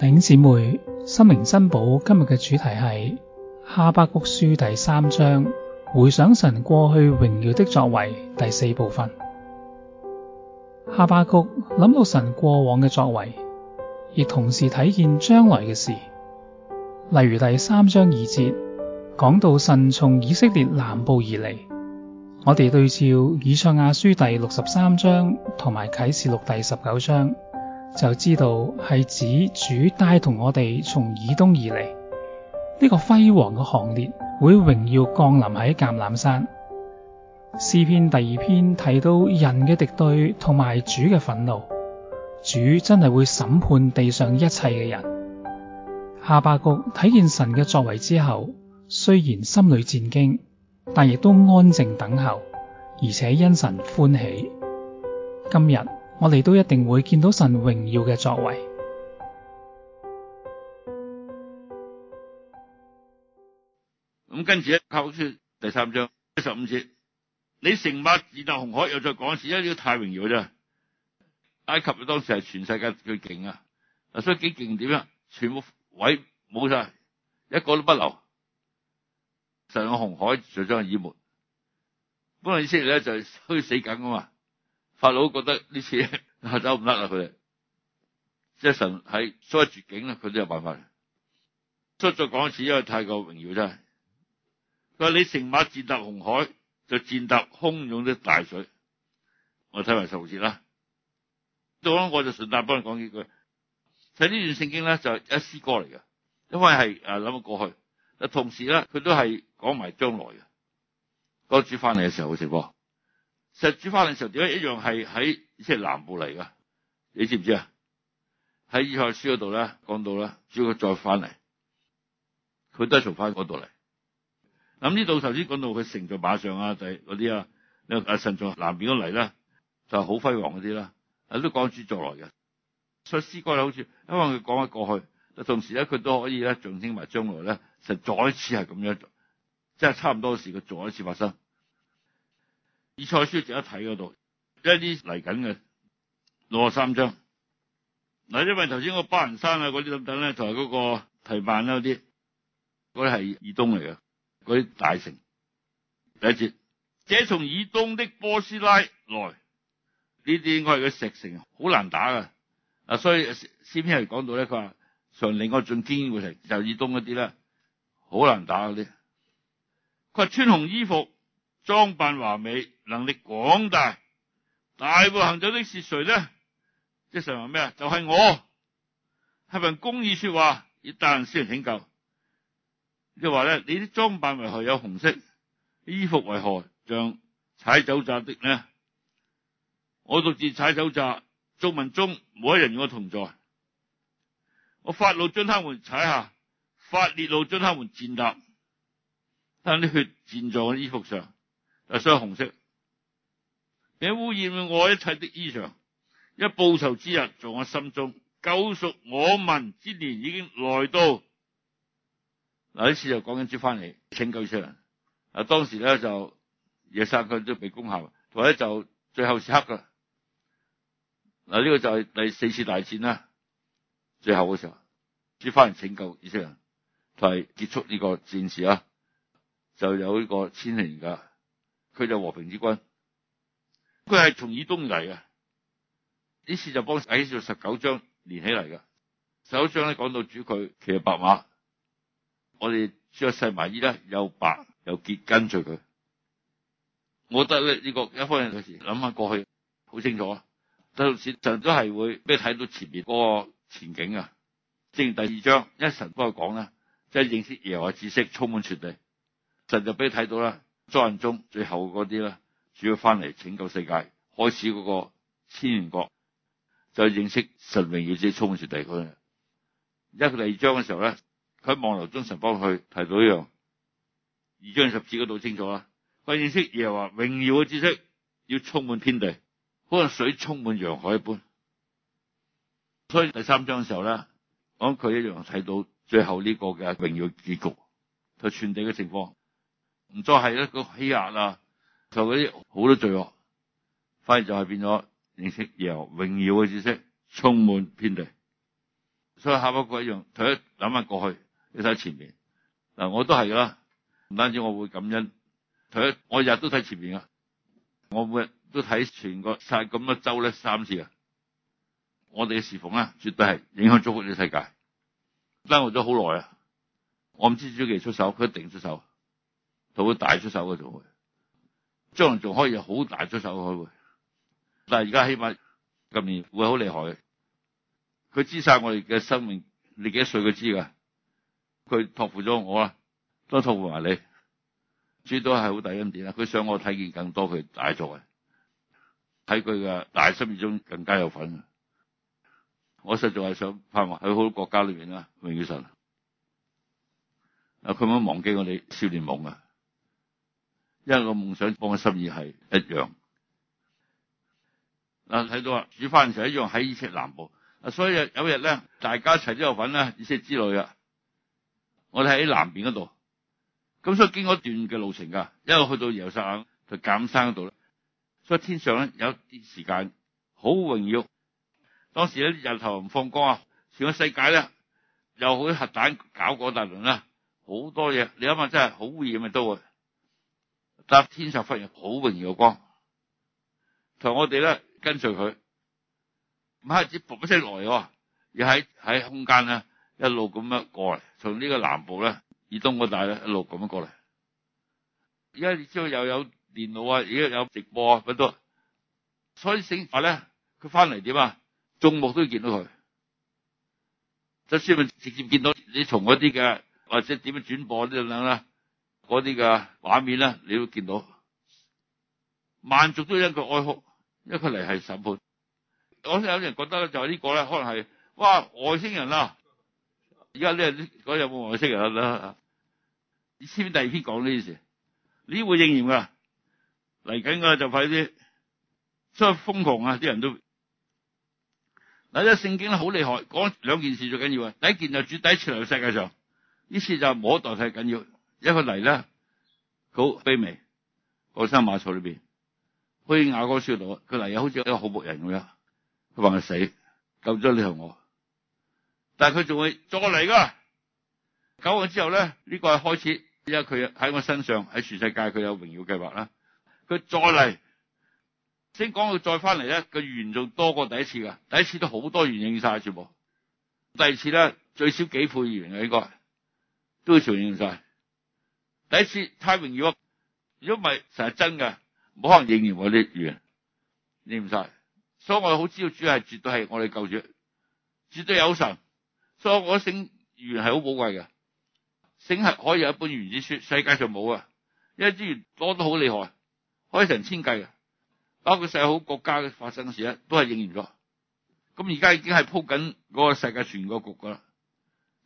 弟兄姊妹，心靈珍寶今日嘅主題係《哈巴谷書》第三章，回想神過去榮耀的作為第四部分。哈巴谷諗到神過往嘅作為，亦同時體現將來嘅事，例如第三章二節講到神從以色列南部而嚟，我哋對照以賽亞書第六十三章同埋啟示錄第十九章。就知道係指主帶同我哋從以東而嚟，呢、這個輝煌嘅行列會榮耀降臨喺橄欖山。詩篇第二篇睇到人嘅敵對同埋主嘅憤怒，主真係會審判地上一切嘅人。哈巴谷睇見神嘅作為之後，雖然心裏戰兢，但亦都安靜等候，而且因神歡喜。今日，我哋都一定會見到神榮耀嘅作為。咁跟住咧，哈書第三章十五節，你乘馬踐踏紅海，又再講一次，因為呢個太榮耀咋。埃及當時係全世界最勁啊，所以幾勁點呀？全部位冇晒，一個都不留，上紅海就將佢淹沒。嗰陣時咧就衰死緊啊嘛。法老覺得呢次走唔甩啦，佢哋即係神喺所謂絕境咧，佢都有辦法。出咗講一次。因為太過榮耀真係，佢話你乘馬踐踏紅海，就踐踏洶湧的大水。我睇埋十五節啦。到啦，我就順帶幫你講幾句。睇呢段聖經呢，就一詩歌嚟嘅，因為係諗過去。同時呢，佢都係講埋將來嘅。哥子返嚟嘅時候會食喎。其實主翻嚟嘅時候點解一樣係喺即係南部嚟噶？你知唔知啊？喺《以賽亞書》嗰度咧講到咧，主佢再翻嚟，佢都係從翻嗰度嚟。咁呢度頭先講到佢乘在馬上啊，就係嗰啲啊，阿、那、阿、個、神在南邊嗰嚟啦，就好、是、輝煌嗰啲啦，都講主再來嘅。所以詩歌又好似，因為佢講緊過去，但同時咧佢都可以咧預稱埋將來咧，就再一次係咁樣，即係差唔多時佢再一次發生。以賽書就一睇嗰度，一啲嚟緊嘅六十三章。嗱，因為頭先個巴蘭山啊嗰啲等等呢，同埋嗰個提幔嗰啲，嗰啲係以東嚟嘅，嗰啲大城。第一節，這從以東的波斯拉來，呢啲應該係個石城，好難打㗎。嗱，所以先先係講到呢，佢話上另外仲堅固城，就以東嗰啲咧，好難打嗰啲。佢話穿紅衣服。裝扮華美，能力廣大，大步行走的是誰呢？即係話咩啊？就係、是、我，係憑公義說話，以大能施行拯救。即係話咧，你啲裝扮為何有紅色？衣服為何像踹酒醡的呢？我獨自踹酒醡，眾民中無一人與我同在。我發怒將他們踹下，發烈怒將他們踐踏，但啲血濺在我衣服上。啊！所以紅色，你污染我一切的衣裳。一報仇之日在我心中，救贖我民之年已經來到。嗱，呢次就講緊主返嚟拯救以色列。嗱，當時咧就耶三君都被攻下，同埋咧就最後時刻噶。嗱，呢個就係第四次大戰啦，最後嗰時候，主返嚟拯救以色列，同埋結束呢個戰事啊，就有呢個千年噶。佢就和平之君，佢係從以東嚟啊！呢次就幫睇住十九章連起嚟噶，十九章咧講到主佢其騎白馬，我哋着細麻衣咧，又白又結跟住佢。我覺得咧呢、呢個一方面有時諗下過去好清楚，就神都係會俾睇到前面嗰個前景啊！正如第二章一神幫佢講咧，即、就、係、是、認識耶和華知識充滿全地，神就俾佢睇到啦。眾人中最後嗰啲咧，主要翻嚟拯救世界，開始嗰個千年國，就認識神榮耀之充滿住地球。一、第二章嘅時候咧，佢喺望流中神幫佢提到一樣，二章十字嗰度清楚啦。佢認識耶和華榮耀嘅知識要充滿天地，好似水充滿洋海一般。所以第三章嘅時候咧，講佢一樣睇到最後呢個嘅榮耀結局，就傳遞嘅情況。唔再係一個欺壓啊，就嗰啲好多罪惡反而就係變咗認識耶和華榮耀嘅知識，充滿遍地，所以下一個一樣，退一諗翻過去，你睇前面嗱，我都係噶，唔單止我會感恩，退一我日日都睇前面啊，我每日都睇全個曬咁多周咧三次啊，我哋嘅侍奉啊絕對係影響祝福呢世界，生活咗好耐啊，我唔知主耶穌出手，佢一定出手。會大出手嘅仲會，將來仲可以好大出手開會。但係而家起碼今年會好厲害。佢知晒我哋嘅生命，你幾歲佢知噶？佢托付咗我啦，都託付埋你。知道係好大恩典啦。佢想我睇見更多佢大作嘅，喺佢嘅大生命中更加有份。我實在係想盼望喺好多國家裏邊啦，榮耀神啊！佢冇忘記我哋少年夢啊！因為個夢想放嘅心意係一樣，嗱睇到啊煮飯時一樣喺以色列南部，啊所以有日咧大家一齊都有份啦以色列之旅啊，我哋喺南邊嗰度，咁所以經過一段嘅路程噶，一路去到耶路撒冷同橄欖山嗰度咧，所以天上咧有啲時間好榮耀，當時咧日頭唔放光啊，全個世界咧又好核彈搞過大輪啦，好多嘢你諗下真係好污染咪都啊！搭天上發現好榮耀嘅光，同我哋咧跟隨佢，唔一下子噃一聲來喎，又喺喺空間咧一路咁樣過嚟，從呢個南部咧，以東嗰帶咧一路咁樣過嚟。而家你知道他又有電腦啊，而家有直播啊，乜都，所以醒法咧，佢翻嚟點啊？眾目都要見到佢，就先甚至直接見到你從嗰啲嘅，或者點樣轉播啲咁樣啦。嗰啲嘅畫面咧，你會見到萬族都因佢哀哭，因佢嚟係審判。我都有啲人覺得咧，就係呢個咧，可能係哇外星人啦。而家呢個嗰有冇外星人啦？詩第二篇講呢件事，呢會應驗噶嚟緊噶，就快啲出瘋狂啊！啲人都嗱，啲聖經咧好厲害，講兩件事最緊要啊。第一件就主第一次嚟到世界上，於是就無可代替緊要。一個嚟咧，好卑微，個山馬草裏邊，好似雅哥樹到，佢嚟又好似一個好僕人咁樣，佢話佢死，救咗你同我，但係佢仲會再嚟噶，救咗之後咧，呢、這個係開始，因為佢喺我身上，喺全世界佢有榮耀計劃啦，佢再嚟，先講佢再翻嚟咧，佢原仲多過第一次噶，第一次都好多原應晒全部，第二次咧最少幾倍緣嘅呢個，都全染晒。第一次太榮耀，如果唔係，成日真嘅，唔可能應完我啲預言，應唔晒，所以我哋好知道，主要係絕對係我哋救主，絕對有神。所以我啲聖經預言係好寶貴嘅，聖經係可以有一本預言之書，世界上冇啊，因為啲預言多得好厲害，可以成千計啊。包括世好國家發生嘅事咧，都係應驗咗。咁而家已經係鋪緊嗰個世界全個局噶啦，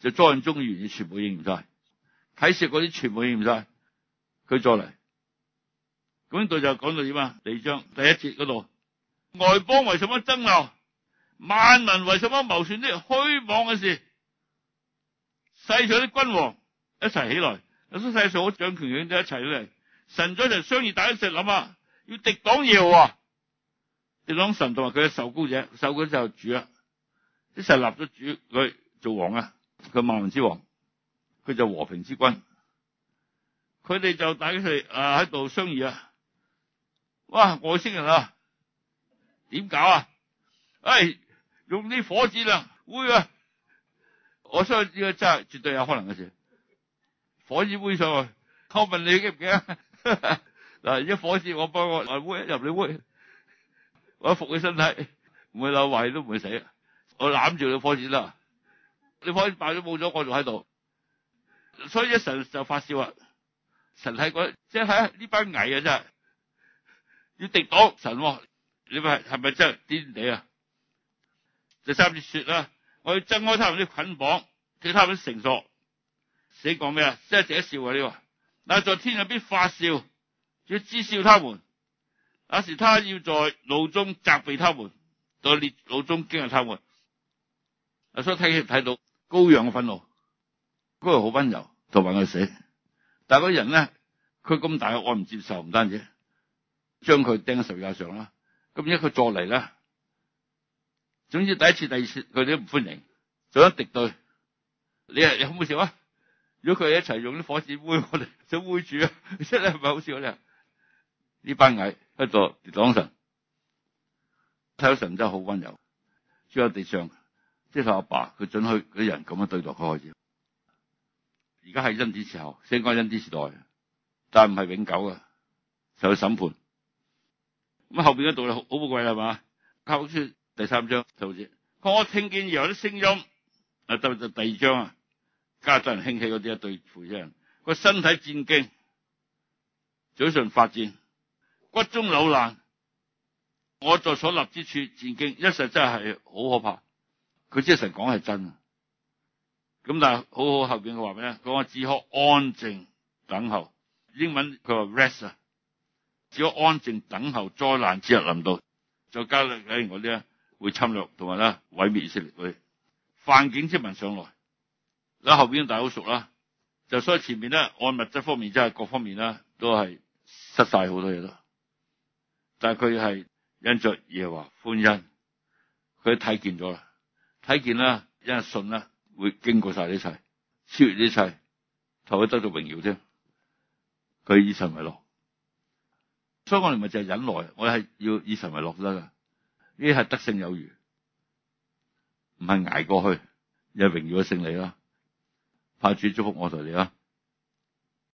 就莊中預言完全部應唔晒。睇食嗰啲全部鹽晒，佢再嚟。咁呢度就講到點啊？第二章第一節嗰度，外邦為什麼爭鬧？萬民為什麼謀算啲虛妄嘅事？世上啲君王一齊起，起來，有啲世上好掌權嘅都一齊起嚟起。臣宰一同商議，大家一齊諗啊，要敵擋耶和華啊！敵擋神同埋佢嘅受膏者，受膏就主啊，一齊立咗主佢做王啊，佢萬民之王。佢就和平之君，佢哋就帶佢啊喺度商議啊！哇，外星人啊，點搞啊？誒、哎，用啲火箭啊，煨啊！我相信啊，這個、真係絕對有可能嘅事。火箭煨上去， 我問你記唔記嗱，一火箭我幫我嚟煨入你煨，我一伏起身體，唔會漏胃都唔會死。我攬住你火箭啦，你火箭爆咗冇咗，我仲喺度。所以一神就發笑啊！神睇過，即係呢班蟻啊，真係要敵擋神，啊。你咪係咪真係癲你啊？就三段說啦，我要掙開他們啲捆綁，叫他啲繩索。死講咩啊？即係自己笑啊！呢個，但係在天上邊發笑，要嗤笑他們。那時他要在怒中責備他們，在烈怒中驚嚇他們。所以睇見睇到羔羊嘅憤怒。嗰個好溫柔，同埋佢死，但係嗰人咧，佢咁大我唔接受，唔單止將佢掟喺十字架上啦，咁而家佢再嚟啦。總之第一次，第二次佢哋都唔歡迎，就一敵對。你係又好笑啊？如果佢哋一齊用啲火箭煨我哋，想煨住，真係唔係好笑啦！呢班矮一坐，當神睇到神真係好溫柔，坐喺地上，即係阿爸佢准許嗰啲人咁樣對待佢可以。而家係恩典時候，聖光恩典時代，但係唔係永久嘅，去審判。咁後邊嗰道理好寶貴啦，係嘛？哈書第三章，好似。我聽見有啲聲音，啊，就就第二章啊，加陣興起嗰啲一對父親，人，個身體戰兢，嘴唇發顫，骨中朽爛。我在所立之處戰兢，一實真係好可怕。佢即係成講係真的。咁但係好好後邊佢話咩咧？講我只可安靜等候，英文佢話 rest 啊，只可安靜等候災難之日臨到，再加上嗰啲咧會侵略同埋咧毀滅以色列嗰啲犯境之民上來。嗱後邊大家好熟啦，就所以前面咧按物質方面即係各方面呢，都係失曬好多嘢啦。但係佢係因着耶和華歡欣，佢睇見咗啦，睇見啦，因為信啦。會經過晒呢一切，超越呢一切，才一得到榮耀添。佢以神為樂，所以我哋咪就係忍耐，我哋係要以神為樂得噶。呢啲係得勝有餘，唔係挨過去有榮耀嘅勝利啦。派主祝福我同你啦。